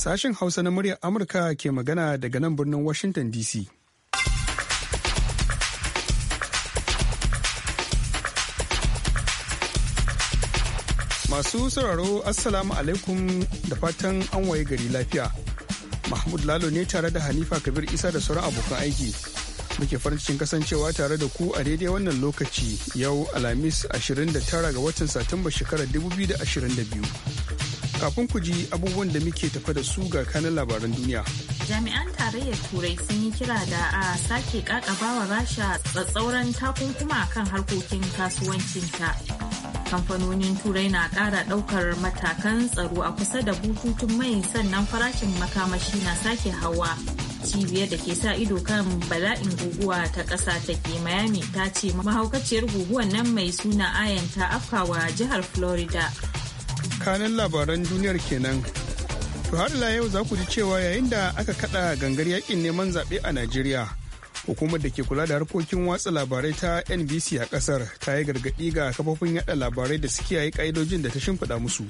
Sashen Hausa na muryar Amurka ke magana daga nan birnin Washington DC. Masu sauraro Assalamu alaikum da fatan an waye gari lafiya. Mahmud Lalo ne tare da Hanifa Kabir Isa da sauran abokan aiki. Muke farin cikin kasancewa tare da ku a daidai wannan lokaci yau Alhamis 29 ga watan Satumba shekarar 2022. Kafin ku ji abubuwan da muke tafa da su ga kanan labaran duniya. Jami'an tarayyar Turai sun yi kira da a sake kakabawa Rasha tsatsauran takunkuma kan harkokin kasuwancinta. Kamfanonin Turai na ƙara ɗaukar matakan tsaro a kusa da bututun mai sannan farashin makamashi na sake hawa. cibiyar da ke sa ido kan bala'in guguwa ta ƙasa ta ke miami ta ce mahaukaciyar guguwan nan mai suna ayan ta afkawa jihar florida tsakanin labaran duniyar kenan. To har ila yau za ku ji cewa yayin da aka kada gangar yakin neman zaɓe a Najeriya, hukumar da ke kula da harkokin watsa labarai ta NBC a ƙasar ta yi gargaɗi ga kafofin yada labarai da suke yi ƙa'idojin da ta shimfiɗa musu.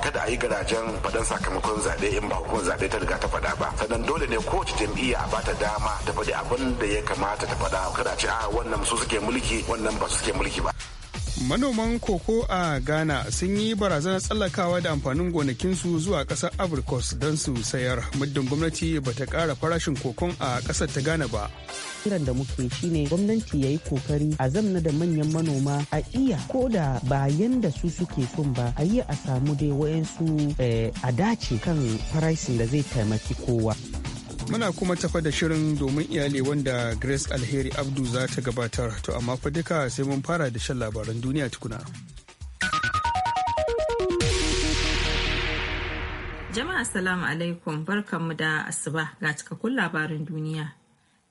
kada a yi garajen faɗan sakamakon zaɓe in ba hukumar zaɓe ta riga ta faɗa ba sannan dole ne kowace jam'iyya ba ta dama ta faɗi abin da ya kamata ta faɗa kada a ce a ah, wannan su suke mulki wannan ba su suke mulki ba manoman koko a ghana sun yi barazanar tsallakawa da amfanin gonakinsu zuwa kasar abrikos don su sayar muddin gwamnati ba ta kara farashin kokon a kasar ta ghana ba kiran da muke shine gwamnati ya yi kokari a zamna da manyan manoma a iya ko da ba yanda su suke son ba a yi a samu dai wayansu eh, a dace kan farashin da zai taimaki kowa Muna kuma tafa da shirin domin iyali wanda Grace Alheri Abdu za ta gabatar, to amma fa duka sai mun fara da shan labaran duniya tukuna. Jama'a assalamu alaikum barkanmu da asuba ga cikakkun labarin duniya.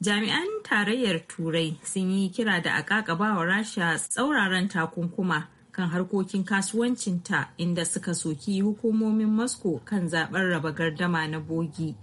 Jami'an tarayyar Turai sun yi kira da bawa Rasha tsauraran takunkuma kan harkokin kasuwancinta inda suka soki hukumomin Moscow kan zaben raba gardama na bogi.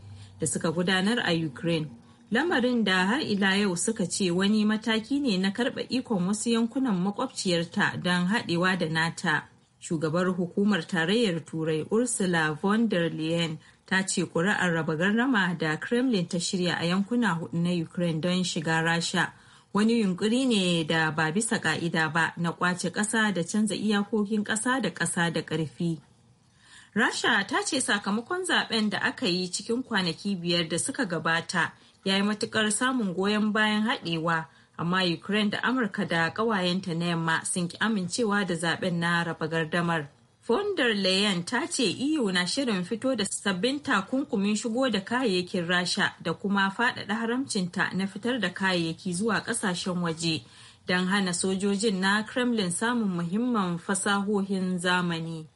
da suka gudanar a Ukraine. Lamarin da har ila yau suka ce wani mataki ne na karɓa ikon wasu yankunan makwabciyarta don haɗewa da nata. Shugabar hukumar tarayyar Turai Ursula von der Leyen ta ce ƙuri'ar raba garrama da Kremlin ta shirya a yankuna hudu na Ukraine don shiga Rasha. wani yunkuri ne da ba bisa ka'ida ba na kwace ƙasa da canza iyakokin ƙasa da ƙasa da ƙarfi rasha ta ce sakamakon zaben da aka yi cikin kwanaki biyar da suka gabata ya yi matukar samun goyon bayan haɗewa amma ukraine da amurka da ƙawayenta na yamma sun ki amincewa da zaben na raba gardamar von der leyen ta ce eu na shirin fito da sabbin takunkumin shigo da kayayyakin rasha da kuma faɗaɗa haramcinta na fitar da kayayyaki zuwa ƙasashen waje don hana sojojin na kremlin samun muhimman fasahohin zamani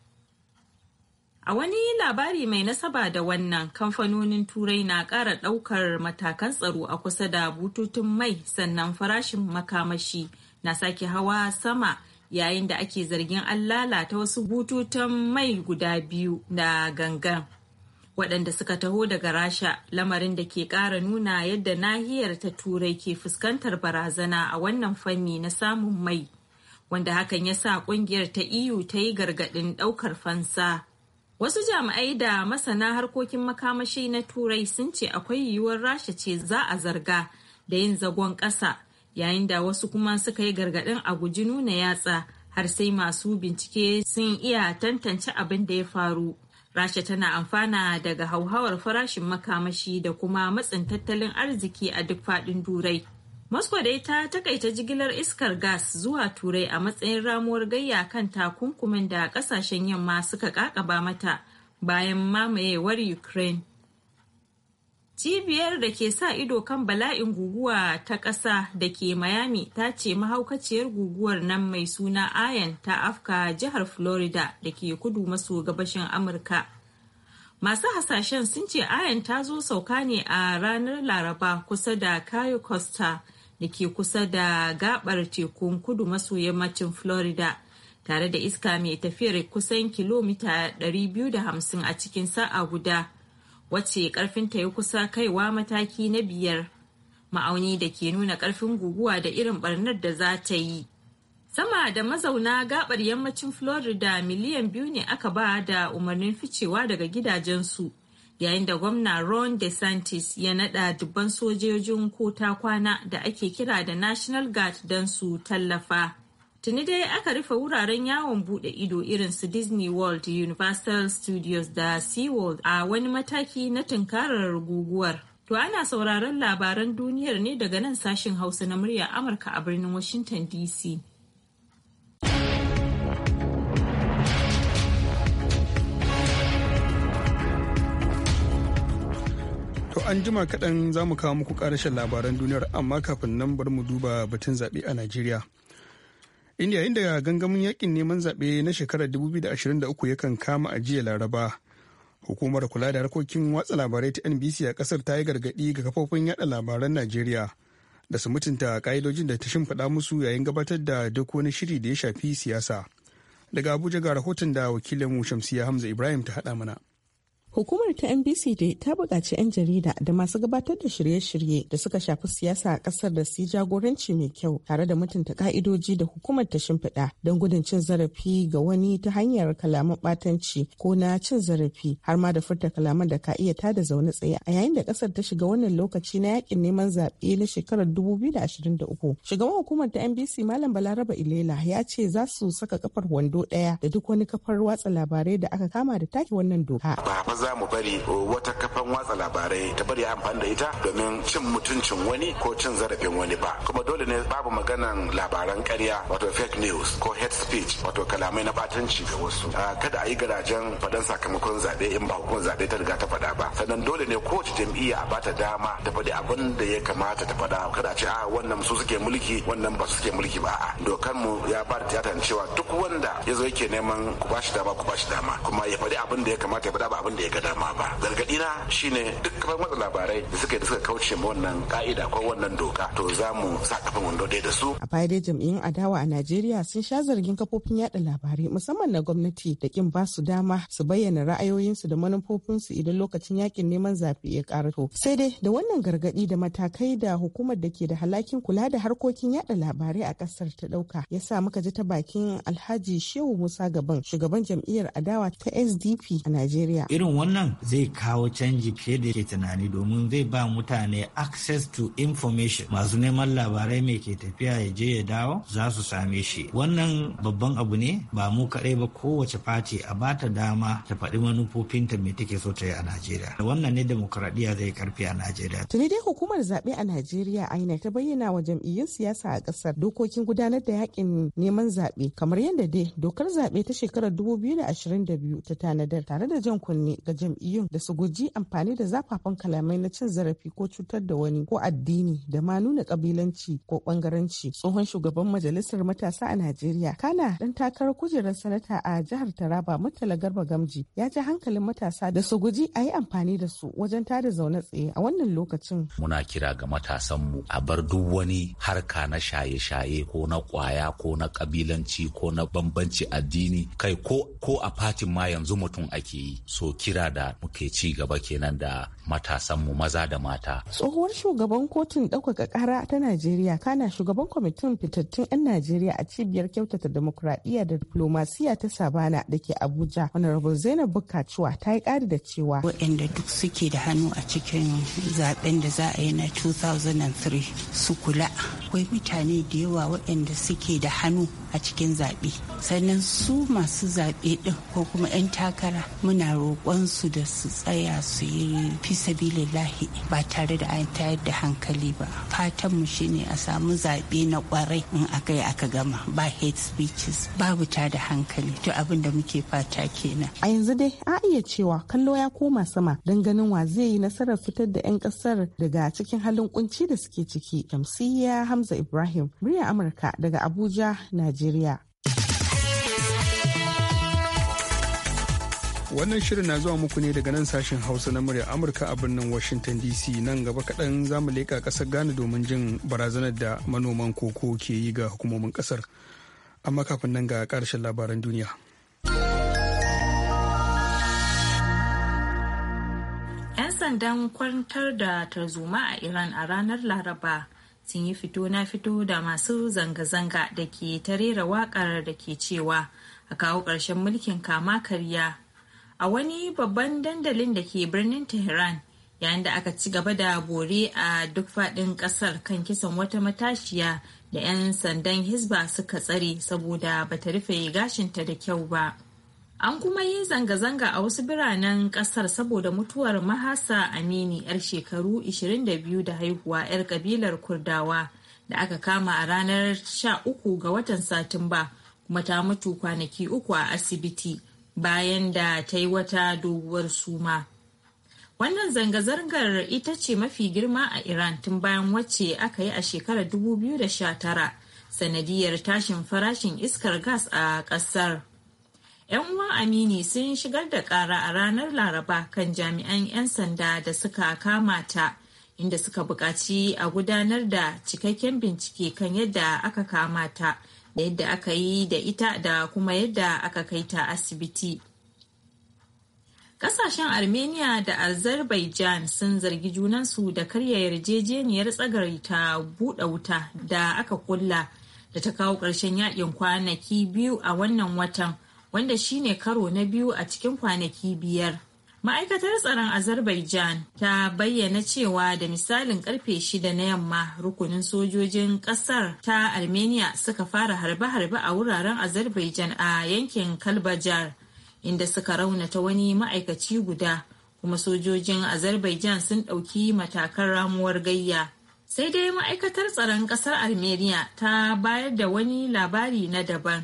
A wani labari mai nasaba da wannan kamfanonin turai na ƙara ɗaukar matakan tsaro a kusa da bututun mai sannan farashin makamashi na sake hawa sama yayin da ake zargin an lalata wasu bututun mai guda biyu na gangan. Waɗanda suka taho daga Rasha lamarin da ke ƙara nuna yadda nahiyar ta turai ke fuskantar barazana a wannan fanni na samun mai, wanda hakan ya sa ƙungiyar ta iyu e ta yi gargaɗin ɗaukar fansa. Wasu jami'ai da masana harkokin makamashi na Turai sun ce akwai yiwuwar Rasha ce za a zarga da yin zagon ƙasa, yayin da wasu kuma suka yi gargaɗin a guji nuna yatsa har sai masu bincike sun iya tantance abin da ya faru. Rasha tana amfana daga hauhawar farashin makamashi da kuma matsin tattalin arziki a duk faɗin Turai. Moscow dai ta takaita jigilar iskar gas zuwa Turai a matsayin ramuwar gayya kan takunkumin da kasashen yamma suka kakaba mata bayan mamayewar Ukraine. Cibiyar da ke sa ido kan bala'in guguwa ta ƙasa da ke Miami ta ce mahaukaciyar guguwar nan mai suna Ayan ta afka jihar Florida da ke kudu maso gabashin Amurka. masu hasashen sun ce ayan ta zo sauka ne a ranar laraba kusa da cayo costa da ke kusa da gabar tekun kudu maso yammacin Florida tare da iska mai tafiyar kusan kilomita 250 a cikin sa'a guda wacce ta yi kusa kaiwa mataki na biyar ma'auni da ke nuna karfin guguwa da irin barnar da za ta yi sama da mazauna gabar yammacin florida miliyan biyu ne aka ba da umarnin ficewa daga gidajensu yayin da gwamna Ron DeSantis ya nada dubban sojojin kota kwana da ake kira da National Guard don su tallafa. Tuni dai aka rufe wuraren yawon bude ido irin su Disney World, Universal Studios da SeaWorld a wani mataki na tunkarar guguwar. To ana sauraron labaran duniyar ne daga nan sashin Hausa na murya Amurka a birnin Washington DC. To an jima kaɗan za mu kawo muku ƙarashin labaran duniyar amma kafin nan bar mu duba batun zaɓe a Najeriya. Inda yayin da gangamin yakin neman zaɓe na shekarar 2023 kan kama a jiya Laraba. Hukumar kula da harkokin watsa labarai ta NBC a ƙasar ta yi gargaɗi ga kafofin yada labaran Najeriya da su mutunta ƙa'idojin da ta shimfiɗa musu yayin gabatar da duk wani shiri da ya shafi siyasa. Daga Abuja ga rahoton da wakilin mu Shamsiya Hamza Ibrahim ta haɗa mana. Hukumar ta NBC dai ta buƙaci 'yan jarida da masu gabatar da shirye-shirye da suka shafi siyasa a ƙasar da su jagoranci mai kyau tare da mutunta ka'idoji da hukumar ta shimfiɗa don gudun cin zarafi ga wani ta hanyar kalaman batanci ko na cin zarafi har ma da furta kalaman da ka iya tada zaune tsaye a yayin da ƙasar ta shiga wannan lokaci na yakin neman zaɓe na shekarar 2023. Shugaban hukumar ta NBC Malam Balaraba Ilela ya ce za su saka kafar wando ɗaya da duk wani kafar watsa labarai da aka kama da take wannan doka. za mu bari uh, wata kafan watsa labarai ta bari amfani da ita domin cin mutuncin wani ko cin zarafin wani ba kuma dole ne babu maganan labaran karya wato fake news ko hate speech wato kalamai na batanci ga wasu uh, kada a yi garajen faɗan sakamakon zaɓe in ba hukumar zaɓe ta riga ta faɗa ba sannan dole ne kowace jam'iyya a bata dama ta faɗi abin da ya kamata ta faɗa kada a ce a ah, wannan su suke mulki wannan ba su suke mulki ba a'a dokar mu ya ba da cewa duk wanda ya zo yake neman ku bashi dama ku bashi dama kuma ya faɗi abin da ya kamata ya faɗa ba abin da ya ga dama ba gargaɗi na shine duk kafar labarai da suka da suka kauce ma wannan ka'ida ko wannan doka to za mu sa kafin wando da su a fayyade jam'iyyun adawa a najeriya sun sha zargin kafofin yaɗa labarai musamman na gwamnati da kin ba su dama su bayyana ra'ayoyinsu da manufofinsu idan lokacin yakin neman zafi ya karato sai dai da wannan gargaɗi da matakai da hukumar da ke da halakin kula da harkokin yaɗa labarai a ƙasar ta ɗauka ya sa muka ji ta bakin alhaji shehu musa gaban shugaban jam'iyyar adawa ta sdp a najeriya irin wannan zai kawo canji fiye da ke tunani domin zai ba mutane access to information masu neman labarai mai ke tafiya ya je ya dawo za su same shi wannan babban abu ne ba mu kaɗai ba kowace fati a bata dama ta faɗi manufofinta mai take so ta yi a najeriya wannan ne demokradiyya zai karfi a najeriya tuni dai hukumar zaɓe a najeriya inec ta bayyana wa jam'iyyun siyasa a ƙasar dokokin gudanar da yakin neman zaɓe kamar yadda dai dokar zaɓe ta shekarar 2022 ta tanadar tare da jan kunne ga ga jam'iyyun da su guji amfani da zafafan kalamai na cin zarafi ko cutar da wani ko addini da ma nuna kabilanci ko bangaranci tsohon shugaban majalisar matasa a najeriya kana dan takarar kujerar sanata a jihar taraba murtala garba gamji ya ji hankalin matasa da su guji a yi amfani da su wajen tada zaune tsaye a wannan lokacin muna kira ga matasanmu a bar duk wani harka na shaye-shaye ko na kwaya ko na kabilanci ko na bambanci addini kai ko a fatin ma yanzu mutum ake yi so kira gida da muke ci gaba kenan da matasanmu maza da mata. Tsohuwar shugaban kotun ɗaukaka ƙara ta Najeriya kana shugaban kwamitin fitattun 'yan Najeriya a cibiyar kyautata demokuraɗiyya da diplomasiya ta Sabana da ke Abuja. Honorable Zainab Bukacuwa ta yi ƙari da cewa. Waɗanda duk suke da hannu a cikin zaɓen da za a yi na 2003 su kula. Akwai mutane da yawa waɗanda suke da hannu a cikin zaɓe. Sannan su masu zaɓe ɗin ko kuma 'yan takara muna roƙon kansu da su tsaya su yi fi lahi ba tare da an tayar da hankali ba fatan mu shine a samu zaɓe na kwarai in aka yi aka gama ba hate speeches babu ta da hankali to abin da muke fata kenan a yanzu dai a iya cewa kallo ya koma sama don ganin wa zai yi nasarar fitar da 'yan kasar daga cikin halin kunci da suke ciki jamsiyya hamza ibrahim murya amurka daga abuja najeriya Wannan shirin na zuwa muku ne daga nan sashen Hausa na murya Amurka a birnin Washington DC nan gaba kaɗan za mu leƙa ƙasar Ghana domin jin barazanar da manoman koko ke yi ga hukumomin ƙasar. Amma kafin nan ga ƙarshen labaran duniya. sandan kwantar da tarzoma a iran a ranar laraba sun yi fito na fito da masu zanga-zanga da ke rera wakar da ke cewa a kawo ƙarshen mulkin kama karya a wani babban dandalin da ke birnin tehran yayin da aka ci gaba da bore a duk faɗin ƙasar kan kisan wata matashiya da 'yan sandan hisba suka tsare saboda bata rufe gashinta da kyau ba an kuma yi zanga-zanga a wasu biranen ƙasar saboda mutuwar mahasa amini 'yar shekaru 22 da haihuwa 'yar kabilar kurdawa da aka kama a ranar 13 ga watan satumba kuma ta mutu kwanaki uku a asibiti bayan da ta yi wata doguwar suma. Wannan zanga-zangar ita ce mafi girma a Iran tun bayan wacce aka yi a shekarar 2019 sanadiyar tashin farashin iskar gas a ƙasar. 'Yan uwan Amini sun shigar da ƙara a ranar Laraba kan jami'an 'yan sanda da suka kama ta inda suka buƙaci a gudanar da cikakken bincike kan yadda aka kama ta da yadda aka yi da ita da kuma yadda aka kai ta asibiti Kasashen Armenia da Azerbaijan sun zargi junansu da karya yarjejeniyar tsagar ta buɗe wuta da aka kulla da ta kawo ƙarshen yaƙin kwanaki biyu a wannan watan wanda shine karo na biyu a cikin kwanaki biyar. Ma'aikatar tsaron Azerbaijan ta bayyana cewa da misalin karfe shida na yamma rukunin sojojin kasar ta Armenia suka fara harbe-harbe a wuraren Azerbaijan a yankin Kalbajar inda suka raunata wani ma'aikaci guda kuma sojojin Azerbaijan sun ɗauki matakan ramuwar gayya. Sai dai ma'aikatar tsaron kasar Armenia ta bayar da wani labari na daban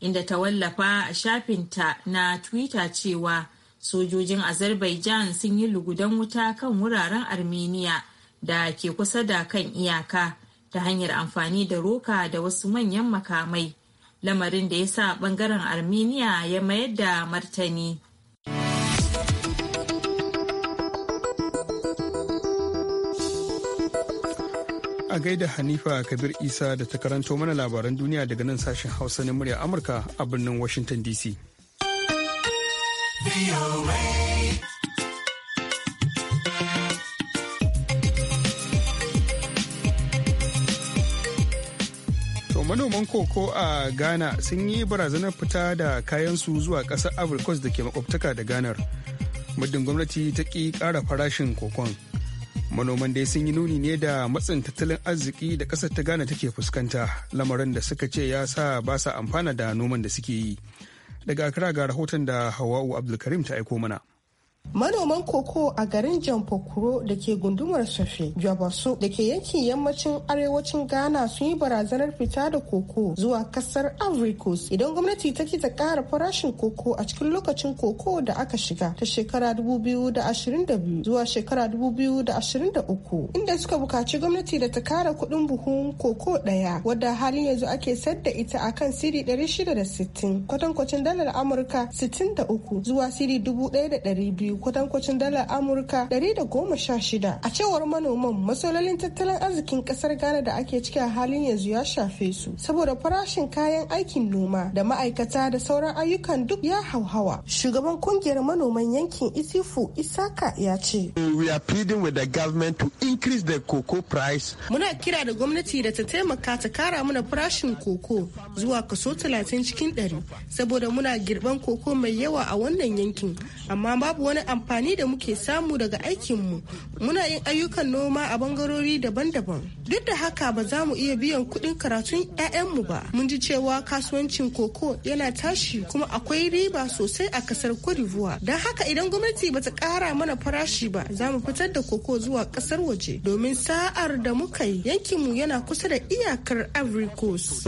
inda ta wallafa a shafinta na Twitter cewa sojojin azerbaijan sun yi lugudan wuta kan wuraren armenia da ke kusa da kan iyaka ta hanyar amfani da roka da wasu manyan makamai lamarin da ya sa bangaren armenia ya mayar da martani a gaida hanifa kabir isa da ta karanto mana labaran duniya daga nan sashen hausa na murya amurka a birnin washington dc manoman koko a ghana sun yi barazanar fita da kayansu zuwa ƙasar africos da ke makwabtaka da ganar muddin gwamnati ta ƙi ƙara farashin kokon manoman dai sun yi nuni ne da matsin tattalin arziki da ƙasar ta ghana take fuskanta lamarin da suka ce ya sa ba sa amfana da noman da suke yi daga kira ga rahoton da Hawa'u Abdulkarim ta aiko mana. Manoman koko a garin Jamfokuro da ke gundumar Safe, Jabaso da ke yankin yammacin arewacin Ghana sun yi barazanar fita da koko zuwa kasar Ivory idan gwamnati ta ta kara farashin koko a cikin lokacin koko da aka shiga ta shekara 2022 zuwa shekara 2023 inda suka bukaci gwamnati da ta kara kuɗin buhun koko ɗaya wadda halin yanzu ake sayar da ita a kan siri 660 kwatankwacin dalar Amurka 63 zuwa siri 1200 biyu kwatankwacin dalar amurka ɗari da goma sha shida a cewar manoman matsalolin tattalin arzikin kasar ghana da ake ciki a halin yanzu ya shafe su saboda farashin kayan aikin noma da ma'aikata da sauran ayyukan duk ya hauhawa shugaban kungiyar manoman yankin isifu isaka ya ce we are pleading with the government muna kira da gwamnati da ta taimaka ta kara mana farashin koko zuwa kaso 30 cikin 100 saboda muna girban koko mai yawa a wannan yankin amma babu wani wani amfani da muke samu daga aikinmu muna yin ayyukan noma a bangarori daban-daban duk da haka ba za mu iya biyan kuɗin karatun 'ya'yanmu ba mun ji cewa kasuwancin koko yana tashi kuma akwai riba sosai a kasar cote don haka idan gwamnati ba ta ƙara mana farashi ba za mu fitar da koko zuwa ƙasar waje domin sa'ar da muka yi yankinmu yana kusa da iyakar ivory coast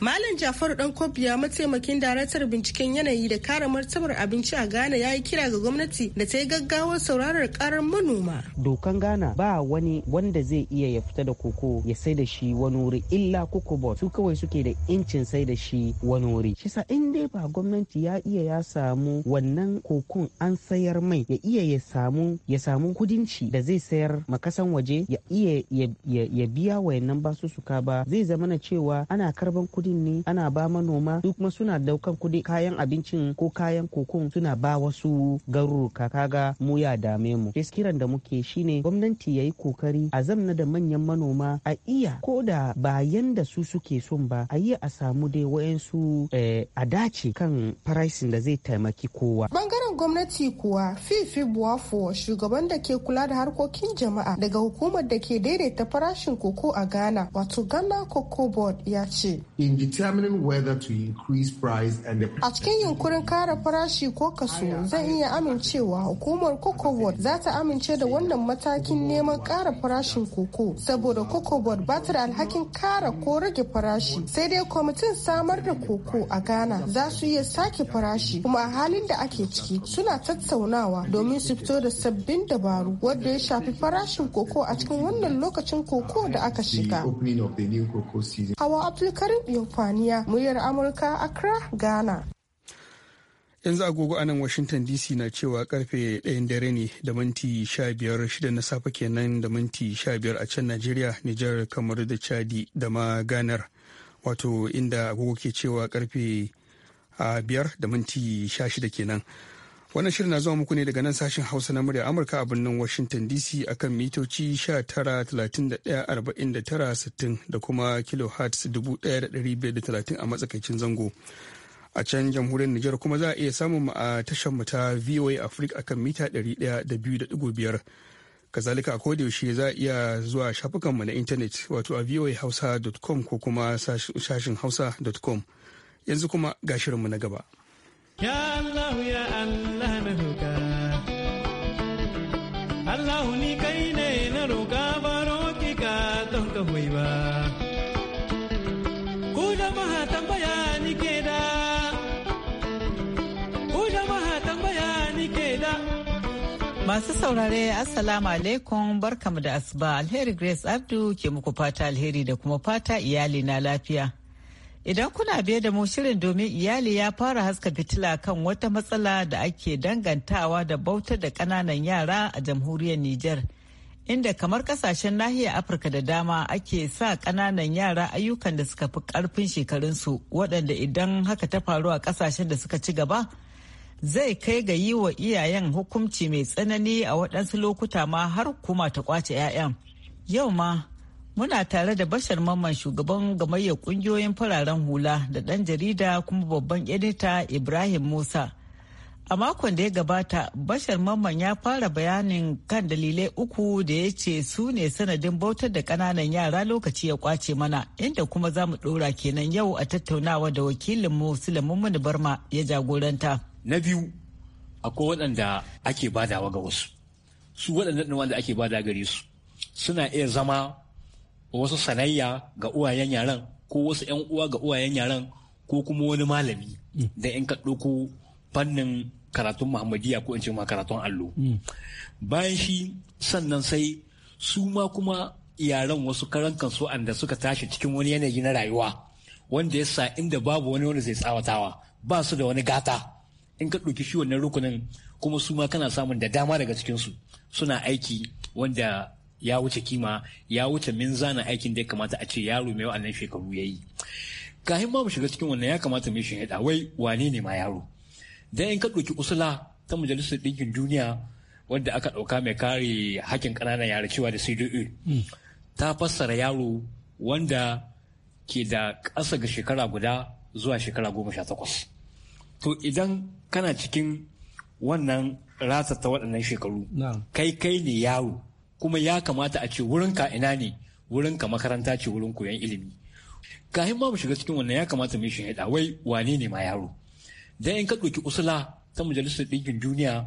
malam jafaru dan kobiya mataimakin daraktar binciken yanayi da kare martabar abinci abinci a Ghana ya yi kira ga gwamnati da ta yi gaggawar sauraron karar manoma. Dokan Ghana ba wani wanda zai iya ya fita da koko ya sai da shi wani wuri illa kokobot su kawai suke da incin sai da shi wani wuri. Shisa in dai ba gwamnati ya iya ya samu wannan kokon an sayar mai ya iya ya samu ya samu kudinci da zai sayar makasan waje ya iya ya biya wayannan basussuka ba zai zama na cewa ana karban kudin ne ana ba manoma duk kuma suna daukan kudi kayan abincin ko kayan kokon suna ba wasu garuruka kaga mu ya dame mu kiran da muke shine gwamnati yayi kokari a zamna da manyan manoma a iya ko da ba yanda su suke son ba a iya a samu dai wayansu eh, a dace kan farashin da zai taimaki kowa bangaren gwamnati kuwa fifi buwafo shugaban da ke kula da harkokin jama'a daga hukumar da ke daidaita farashin koko a ghana wato ghana cocoa board ya ce in determining whether to increase price and the... a cikin yunkurin kara farashi ko Okasu zai iya amincewa hukumar Kokobot za ta amince da wannan matakin neman kara farashin koko saboda Kokobot ba ta da alhakin kara ko rage farashi sai dai kwamitin samar da koko a Ghana za su iya sake farashi kuma a halin da ake ciki suna tattaunawa domin su fito da sabbin dabaru wadda ya shafi farashin koko a cikin wannan lokacin koko da aka shiga. Hawa Abdulkarim Yofaniya, muryar Amurka, Accra, Ghana. yanzu agogo a nan washington dc na cewa karfe 1 dare ne da minti 15 na safe kenan da minti 15 a can najeriya nijar kamar da chadi da ma ganar wato inda agogo ke cewa karfe 5 da minti 16 kenan wannan shirin na zuwa muku ne daga nan sashen hausa na murya amurka a birnin washington dc akan mitoci 19,31,49,60 da kuma kilohertz 1,530 a matsakaicin zango a can jamhuriyar Nijar kuma za a iya samun a tashar mu ta VOA Africa akan mita biyar kazalika a yaushe za a iya zuwa shafukan mu na intanet wato a voahausa.com ko kuma sashin hausa.com yanzu kuma ga shirinmu na gaba ya Allah ya Allah na Allah ni Masu saurare Assalamu alaikum barkamu da asuba alheri Grace Abdu ke muku fata alheri da kuma fata iyali na lafiya. Idan kuna biye da mu shirin domin iyali ya fara haska fitila kan wata matsala da ake dangantawa da bautar da ƙananan yara a jamhuriyar Nijar. Inda kamar kasashen nahiyar Afirka da dama ake sa ƙananan yara ayyukan da suka fi karfin shekarunsu waɗanda idan haka ta faru a ƙasashen da suka ci gaba. zai kai ga yi wa iyayen hukunci mai tsanani a waɗansu lokuta ma har kuma ta kwace 'ya'yan. Yau ma muna tare da bashar mamman shugaban gamayyar ƙungiyoyin fararen hula da ɗan jarida kuma babban edita Ibrahim Musa. A makon da ya gabata, Bashar Mamman ya fara bayanin kan dalilai uku da ya ce su ne sanadin bautar da ƙananan yara lokaci ya kwace mana, inda kuma za mu ɗora kenan yau a tattaunawa da wakilinmu mu Sulaiman Barma ya jagoranta. na biyu akwai waɗanda ake badawa ga wasu su waɗanda wanda ake bada gare su suna iya zama wasu sanayya ga uwayen yaran ko wasu 'yan uwa ga uwayen yaran ko kuma wani malami da 'yan ka ɗauko fannin karatun muhammadiya ko in ce ma karatun allo mm. bayan shi sannan sai su ma kuma yaran wasu karan kansu anda suka tashi cikin wani yanayi na rayuwa wanda ya sa inda babu wani wani zai tsawatawa ba su da wani gata in ka ɗauki shi wannan rukunin kuma su ma kana samun da dama daga cikinsu suna aiki wanda ya wuce kima ya wuce min zana aikin da ya kamata a ce yaro mai wa'annan shekaru ya yi kahin ma mu shiga cikin wannan ya kamata mai shahada wai wane ne ma yaro dan in ka ɗauki usula ta majalisar Dinkin duniya wanda aka ɗauka mai kare hakkin ƙananan yara cewa da cda mm. ta fassara yaro wanda ke da ƙasa ga shekara guda zuwa shekara goma sha takwas to idan kana cikin wannan rasa ta waɗannan shekaru kai kai ne yaro kuma ya kamata a ce ka ina ne wurin ka makaranta ce wurin koyon ilimi kahin ma mu shiga cikin wannan ya kamata mu shi haɗa wai wane ne ma yaro dan in ka ɗauki usula ta majalisar ɗinkin duniya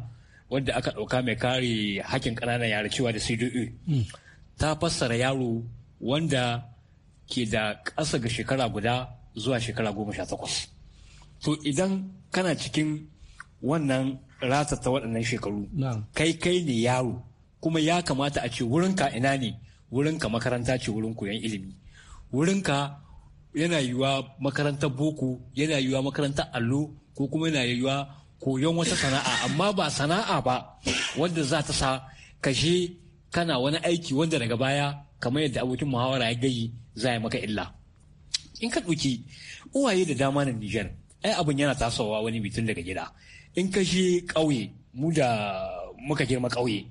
wadda aka ɗauka mai kare hakkin ƙananan yara cewa da CDE mm. ta fassara yaro wanda ke da ƙasa ga shekara guda zuwa shekara goma sha takwas to idan kana cikin wannan rasa ta waɗannan shekaru kai kai ne yaro kuma ya kamata a ce wurinka ina ne wurinka makaranta ce wurin koyon ilimi wurinka yana yiwuwa makarantar boko yana yiwuwa makarantar allo ko kuma yana yiwuwa koyon wata sana'a amma ba sana'a ba wanda za ta sa kashe kana wani aiki wanda daga baya kamar yadda abokin muhawara ya gayi za ya maka illa in ka ɗauki uwaye da dama na Nijar ai abin yana tasowa wani bitun daga gida in ka je ƙauye mu da muka girma kauye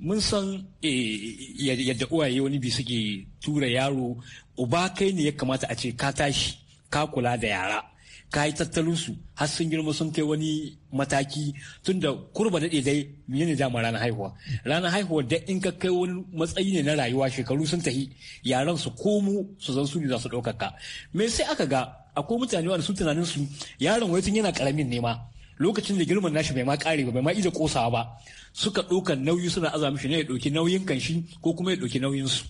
mun san eh, yadda uwaye wani bi suke tura yaro uba kai ne ya kamata a ce ka tashi ka kula da yara ka yi su har sun girma sun kai wani mataki tun da kurba daɗe dai miye ne dama ranar haihuwa ranar haihuwa da in ka kai wani matsayi ne na rayuwa shekaru sun tahi yaran su komu su zan su ne za su ɗaukaka me sai aka ga akwai mutane wanda sun tunanin su yaron wai tun yana karamin nema lokacin da girman nashi bai ma kare ba bai ma iya kosawa ba suka ɗaukan nauyi suna aza mishi ne ya ɗauki nauyin kanshi ko kuma ya ɗauki nauyin su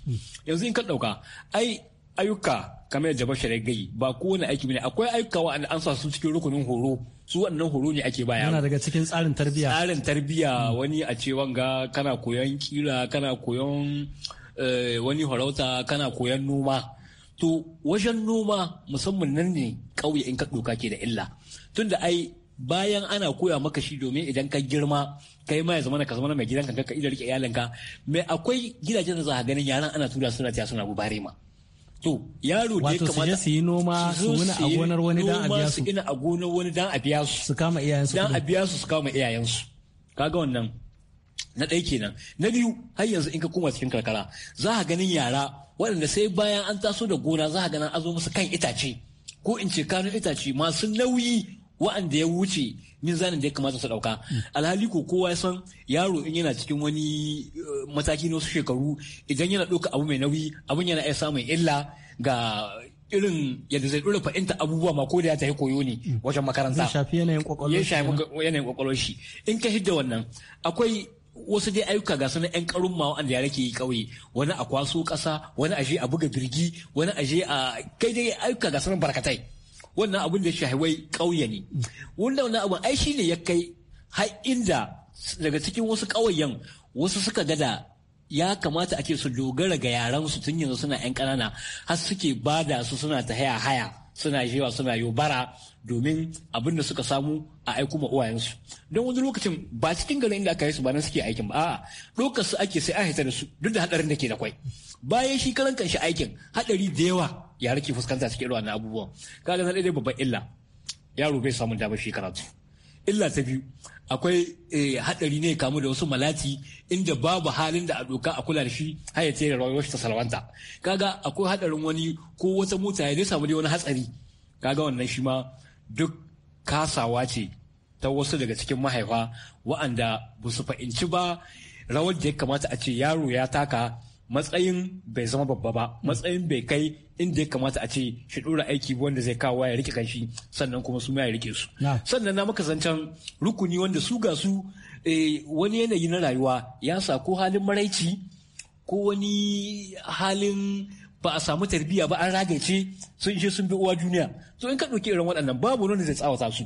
yanzu in ka ɗauka ai ayyuka kamar yadda shirya gai ba kowane aiki ne akwai ayyuka wa'anda an sa su cikin rukunin horo su wannan horo ne ake baya yana daga cikin tsarin tarbiyya tsarin tarbiyya wani a ce wanga kana koyon kira kana koyon eh, wani farauta kana koyon noma to wajen noma musamman nan ne ƙauye in ka doka ke da illa tunda ai bayan ana koya maka shi domin idan ka girma kai ma ya zama ka zama mai gidan ka ka rike ka me akwai gidajen da za ka ganin yaran ana tura suna tiya suna gubare ma to yaro da ya kamata su yi noma su wani a gonar wani dan abiya su su ina a gonar wani dan a biya su su kama iyayen su dan abiya su su kama iyayen su kaga wannan na ɗaya kenan na biyu har yanzu in ka koma cikin karkara za ka ganin yara waɗanda sai bayan an taso da gona za ka ganin zo musu kan itace ko in ce kanun itace masu nauyi waɗanda ya wuce zanen da ya kamata su ɗauka alhali ko kowa ya san yaro in yana cikin wani eh, mataki na wasu shekaru idan yana ɗauka abu mai nauyi abin yana iya samun illa ga irin yadda zai dora fa'inta abubuwa ma ko da ya tafi koyo ne wajen makaranta ya shafi yanayin kwakwalwar shi in ka hidda wannan akwai wasu dai ayyuka ga sanan yan karun ma wanda yare ke yi kauye wani a kwaso kasa wani a je a buga jirgi wani a a kai dai ayyuka ga barkatai wannan abin da shahawai kauye ne wannan wani abin ai shine ya kai har inda daga cikin wasu kauyen wasu suka gada ya kamata a ce su dogara ga yaran su tun yanzu suna yan ƙanana har suke bada su suna ta haya haya suna jewa suna yobara bara domin abin da suka samu a aiku ma uwayensu don wani lokacin ba cikin garin inda aka yi su ba nan suke aikin ba a'a dokar su ake sai a haita da su duk da hadarin da ke da kwai bayan shi karan kanshi aikin hadari da yawa yare ke fuskanta cikin irin na abubuwan kaga na dai babban illa yaro bai samun damar shi karatu illa ta biyu akwai eh, hadari ne kamu da wasu malati inda babu halin da a doka a kula da shi har ya tsere rayuwar ta salwanta kaga akwai hadarin wani ko wata mota ya samu dai wani hatsari kaga wannan shi ma duk kasawa ce ta wasu daga cikin mahaifa wa'anda ba su fahimci ba rawar da ya kamata a ce yaro ya taka matsayin bai zama babba ba matsayin bai kai inda ya kamata a ce shi dora aiki wanda zai kawo ya rike kanshi sannan kuma su ma ya rike su sannan na maka zancen rukuni wanda su ga su eh, wani yanayi na rayuwa ya sa ko halin maraici ko wani halin ba a samu tarbiyya ba an ragace sun je sun bi uwa duniya to in ka ɗauki irin waɗannan babu wani zai tsawata su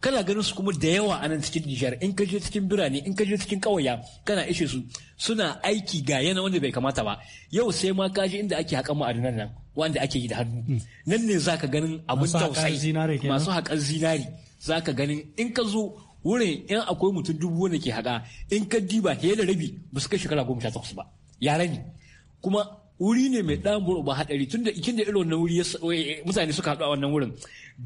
kana ganin su kuma da yawa a nan cikin Nijar in ka je cikin birane in ka je cikin ƙauya kana ishe su suna aiki ga yana wanda bai kamata ba yau sai ma ka inda ake haƙan ma'adanan nan wanda ake yi da hannu hmm. nan ne zaka ganin abin tausayi masu haƙar zinari zaka ganin in ka zo wurin in akwai mutum dubu wanda ke haƙa in ka diba fiye da rabi ba su kai shekara goma sha takwas ba yare ne kuma wuri ne mai ɗan ba haɗari tun da ikin da irin wannan wuri mutane suka haɗu a wannan wurin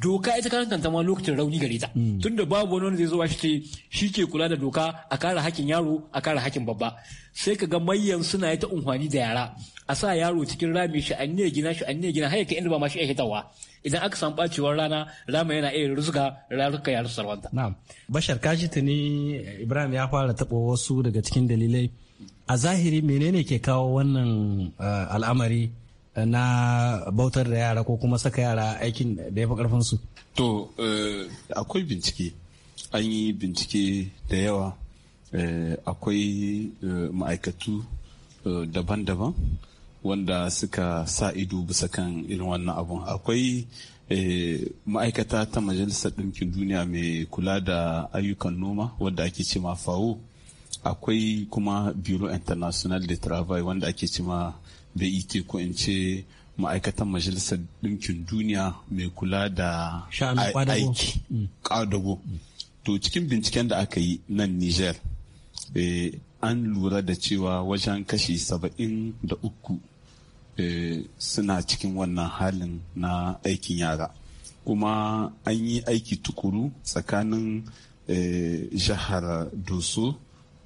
doka ita kan kanta ma lokacin rauni gare ta hmm. tun da babu wani wanda zai zo shi shi ke kula da doka a kare hakkin yaro a kare hakkin babba sai ka ga mayan suna yi ta unhwani da yara a sa yaro cikin rami shi an ne gina shi an ne gina har inda ba ma shi ya hitawa idan aka san bacewar rana rama yana iya rusuka rarruka yaro sarwanta. na'am bashar kashi tuni ibrahim ya fara taɓa wasu daga cikin dalilai a zahiri menene ke kawo wannan eh, al'amari na bautar da yara ko kuma saka yara aikin da ya fi karfinsu? To, eh, akwai bincike, an yi bincike da yawa, eh, akwai ma'aikatu daban-daban wanda suka sa ido bisa kan irin wannan abun. Akwai ma'aikata ta Majalisar Ɗinkin Duniya mai kula da ayyukan noma wadda ake ce ma fawo. akwai kuma bureau international de travail wanda ake cima bit e ko in ce ma'aikatan majalisar ɗinkin duniya mai kula da aiki ƙadago mm. mm. to cikin binciken da aka yi nan niger eh, an lura da cewa wajen kashi saba'in da uku eh, suna cikin wannan halin na aikin yara kuma an yi aiki tukuru tsakanin eh, jihar doso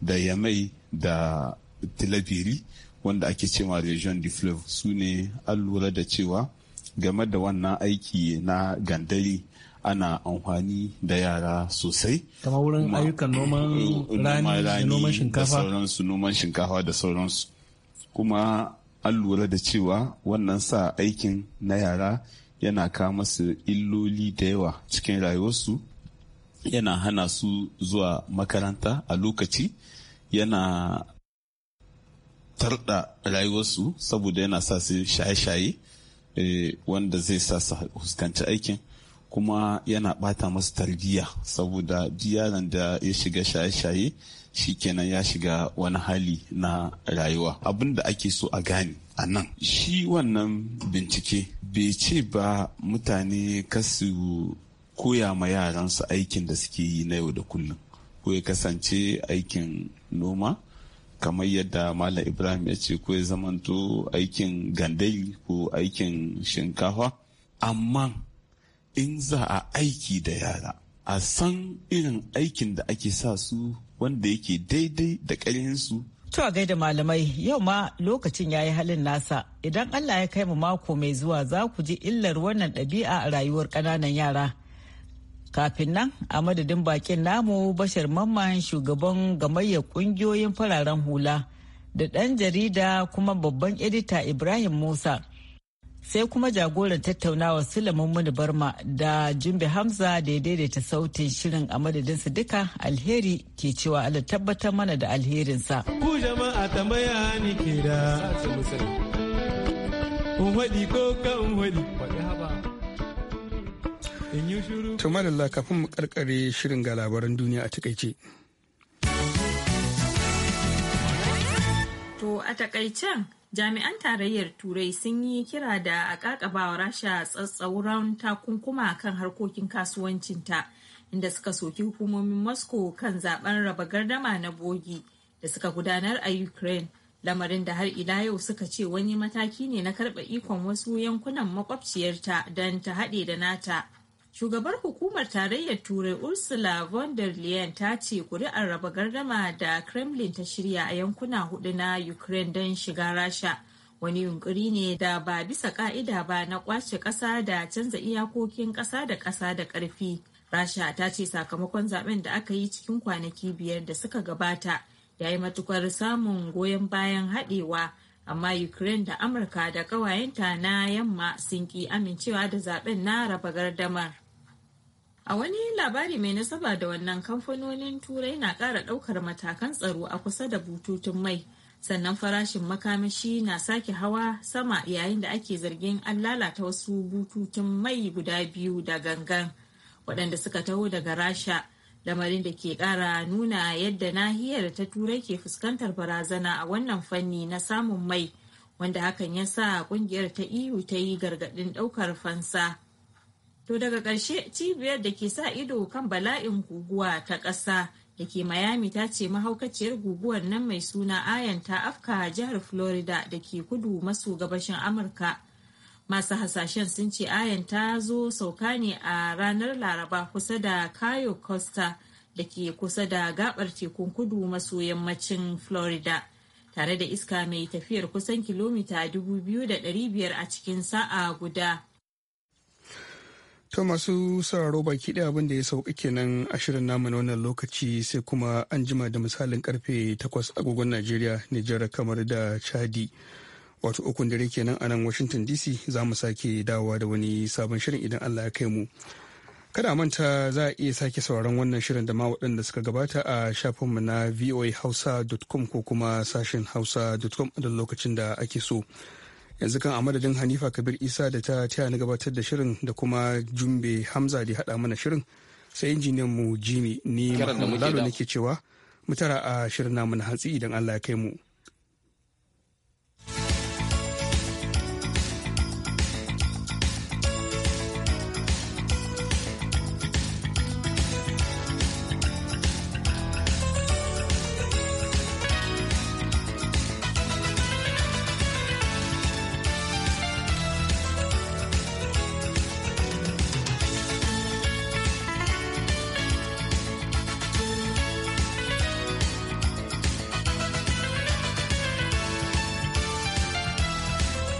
da yamai da tilabiri wanda ake cewa region de fleuve su ne an lura da cewa game da wannan aiki na gandari ana amfani da yara sosai kamar wurin ayyukan eh, noman shinkafa sauransu noman shinkafa da sauransu kuma an lura da cewa wannan sa aikin na yara yana kawo masu illoli da yawa cikin rayuwarsu yana hana su zuwa makaranta a lokaci yana tarda rayuwarsu saboda yana sa su shaye-shaye eh, wanda zai sa su fuskanci aikin kuma yana bata masu tarbiyya saboda yaron da ya shiga shaye-shaye shi kenan ya shiga wani hali na rayuwa abin da ake so a gane a nan shi wannan bincike bai ce ba mutane kasu koya ma yaransu aikin da suke yi na yau da kullum ko ya kasance aikin noma kamar yadda malam ibrahim ya ce ko ya zamanto aikin gandali ko aikin shinkafa amma in za a aiki da yara a san irin aikin da ake sa su wanda yake daidai da ƙarhinsu To a gaida malamai yau ma lokacin ya yi halin nasa idan Allah ya kai mu mako mai zuwa za ku ji illar wannan ɗabi'a a rayuwar ƙananan yara. kafin nan a madadin bakin namu bashar mamman shugaban gamayyar kungiyoyin fararen hula da ɗan jarida kuma babban edita ibrahim musa sai kuma jagoran tattaunawa sulaiman muni barma da jimbi hamza da ya daidaita sautin shirin a madadinsa duka alheri ke cewa ala tabbatar mana da alherinsa ku jama'a tambaya ni ke da ko kan To madalla kafin mu karkare shirin ga labaran duniya a takaice. To a takaicen jami'an tarayyar turai sun yi kira da a kakabawa rasha tsatsauran takunkuma kan harkokin kasuwancinta inda suka soki hukumomin moscow kan zaben raba gardama na bogi da suka gudanar a ukraine lamarin da har ila yau suka ce wani mataki ne na karɓa ikon wasu yankunan makwabciyarta don ta haɗe da nata shugabar hukumar tarayyar turai ursula von der leyen ta ce kuri'ar raba gardama da kremlin ta shirya a yankuna hudu na ukraine don shiga rasha wani yunkuri ne da ba bisa ka'ida ba na kwace ƙasa da canza iyakokin ƙasa da ƙasa da ƙarfi rasha ta ce sakamakon zaben da aka yi cikin kwanaki biyar da suka gabata ya yi matukar samun goyon bayan haɗewa amma ukraine da amurka da kawayenta na yamma sun ki amincewa da zaben na raba gardamar A wani labari mai nasaba da wannan kamfanonin turai na ƙara ɗaukar matakan tsaro a kusa da bututun mai. Sannan farashin makamashi na sake hawa sama yayin da ake zargin an lalata wasu bututun mai guda biyu da gangan waɗanda suka taho daga Rasha. Lamarin da ke ƙara nuna yadda nahiyar ta turai ke fuskantar barazana a wannan fanni na samun mai wanda hakan ya sa ƙungiyar ta iyu e ta yi gargaɗin ɗaukar fansa. To daga ƙarshe cibiyar da ke sa ido kan bala'in guguwa ta ƙasa da ke Miami ta ce mahaukaciyar guguwar nan mai suna ayan ta afka jihar Florida da ke kudu maso gabashin Amurka. Masu hasashen sun ce ayan ta zo sauka ne a ranar Laraba kusa da Cayo Costa da ke kusa da gabar tekun kudu maso yammacin Florida. Tare da iska mai tafiyar kusan kilomita 2,500 a cikin sa'a guda. To masu sauraro baki ɗaya abin da ya sauka kenan a shirin namu na wannan lokaci sai kuma an jima da misalin karfe takwas agogon Najeriya, Nijar kamar da Chadi. Wato ukun dare kenan a nan Washington DC za mu sake dawowa da wani sabon shirin idan Allah ya kai mu. Kada manta za a iya sake sauraron wannan shirin da ma waɗanda suka gabata a shafinmu na voahausa.com ko kuma sashen hausa.com a lokacin da ake so. yanzu kan a madadin hanifa kabir isa da ta taya na gabatar da shirin da kuma jumbe hamza da hada mana shirin sai injiniyan mu jimi ne mahmud lalo nake cewa mutara a shirin namu na hantsi idan allah ya kai mu.